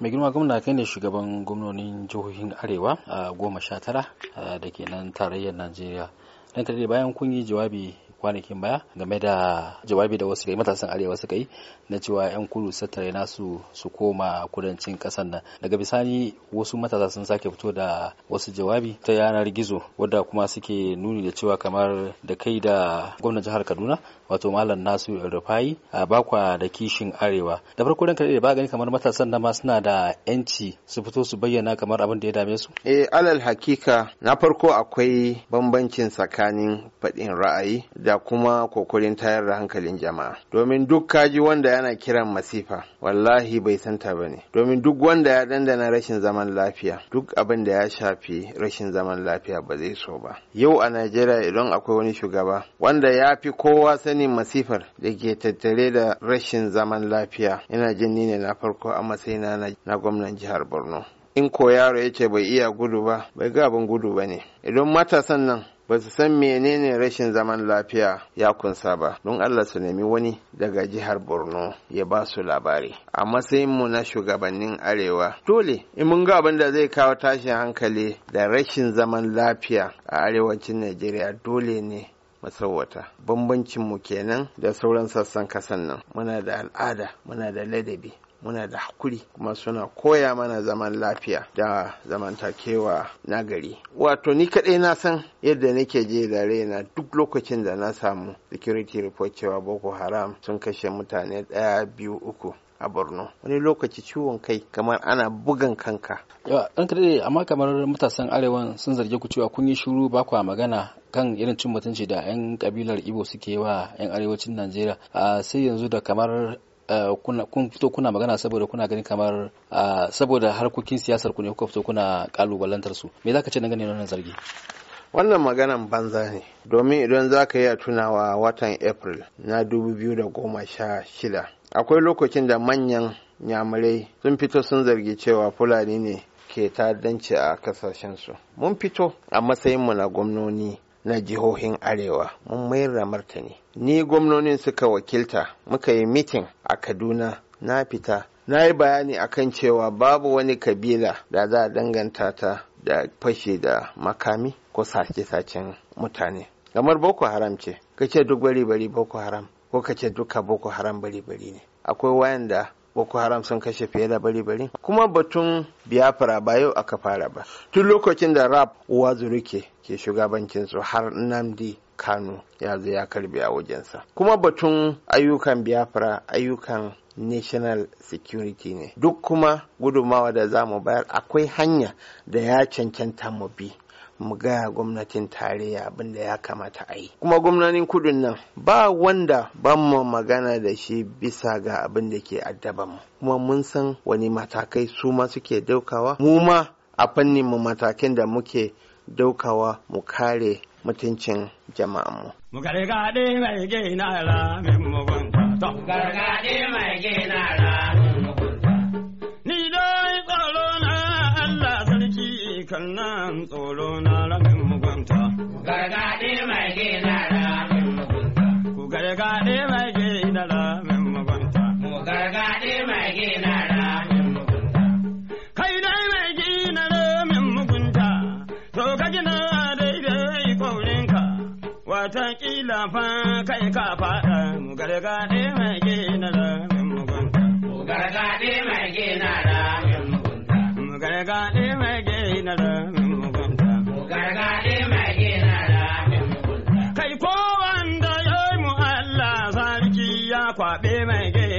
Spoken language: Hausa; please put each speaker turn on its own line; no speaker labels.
mai girma gwamna kai ne shugaban gwamnonin jihohin arewa a goma sha tara da ke nan tarayyar najeriya nan tare bayan kun yi jawabi kwanakin baya game da jawabi da wasu matasan arewa suka yi na cewa 'yan kudu sattare na nasu su koma kudancin kasar nan daga bisani wasu matasa sun sake fito da wasu jawabi ta yanar gizo wadda kuma suke nuni da cewa kamar da kai da gwamnan jihar kaduna wato malam nasu rufai a bakwa da kishin arewa da farko dan kare da ba gani kamar matasan nan ma suna da yanci su fito su bayyana kamar abin da ya dame su
eh alal hakika na farko akwai bambancin tsakanin faɗin ra'ayi da kuma kokarin tayar da hankalin jama'a domin duk kaji wanda yana kiran masifa wallahi bai santa ba ne domin duk wanda ya dandana rashin zaman lafiya duk abin da ya shafi rashin zaman lafiya ba zai so ba yau a najeriya idan akwai wani shugaba wanda ya fi kowa sanin masifar da ke tattare da rashin zaman lafiya yana jin ni ne na farko a matsayina na gwamnan jihar borno in ko yaro ya ce bai iya gudu ba bai ga abin gudu ba ne idan matasan nan ba su san menene rashin zaman lafiya ya kunsa ba don Allah su nemi wani daga jihar Borno ya ba su labari a matsayin mu na shugabannin arewa dole in mun ga abin da zai kawo tashin hankali da rashin zaman lafiya a arewacin Najeriya dole ne masarauta bambancin mu kenan da sauran sassan kasan nan muna da al'ada muna da ladabi muna da hakuri kuma suna koya mana zaman lafiya da zamantakewa na gari wato ni kaɗai na san yadda nake je da raina duk lokacin da na samu security report cewa boko haram sun kashe mutane ɗaya biyu uku a borno wani lokaci ciwon kai
kamar ana bugan kanka Yawa, ɗan kaɗai amma kamar matasan arewan sun zarge ku cewa kun yi shiru ba kwa magana kan irin cin mutunci da 'yan kabilar ibo suke wa 'yan arewacin najeriya sai yanzu da kamar kun fito kuna magana saboda kuna gani kamar saboda harkokin siyasar ku ne kuka fito kuna kalubalantar su me ka ce na wannan zargi
wannan maganan banza ne domin idan za ka iya tunawa watan april na 2016 akwai lokacin da manyan nyamurai sun fito sun zargi cewa fulani ne ke ta'addanci a kasashensu mun fito a matsayinmu na gwamnoni na jihohin arewa mun mayar da martani ni gwamnonin suka wakilta muka yi mitin a kaduna na fita na yi bayani akan cewa babu wani kabila da za a danganta ta da fashe da makami ko sace-sacen mutane kamar boko haram ce kace duk bari bari boko haram ko kace duka boko haram bari bari ne akwai wayanda boko haram sun kashe fiye da bari-bari kuma batun biafra ba yau aka fara ba tun lokacin da rap uwa zuruke ke shugabancin su har namdi kano ya zo ya karbi a wajensa kuma batun ayyukan biafra ayyukan national security ne duk kuma gudumawa da za mu bayar akwai hanya da ya cancanta mu bi mu gaya gwamnatin tarayya abin da ya kamata a yi kuma gwamnanin kudin nan ba wanda ban mu magana da shi bisa ga abin da ke addaban kuma mun san wani matakai su ma suke daukawa mu ma a fannin mu matakin da muke daukawa mu kare mutuncin jama'anmu.
Mu kan gargaɗe mai gina ramin mugunta. Ku gargaɗe mai gina ramin mugunta. Mu mai gina ramin mugunta. Kai dai mai gina ramin mugunta, to ka gina daidai kaurinka, watakila fa kai ka faɗa mu gargaɗe mai gina ramin mugunta. Mu gargaɗe mai gina ramin 别卖给。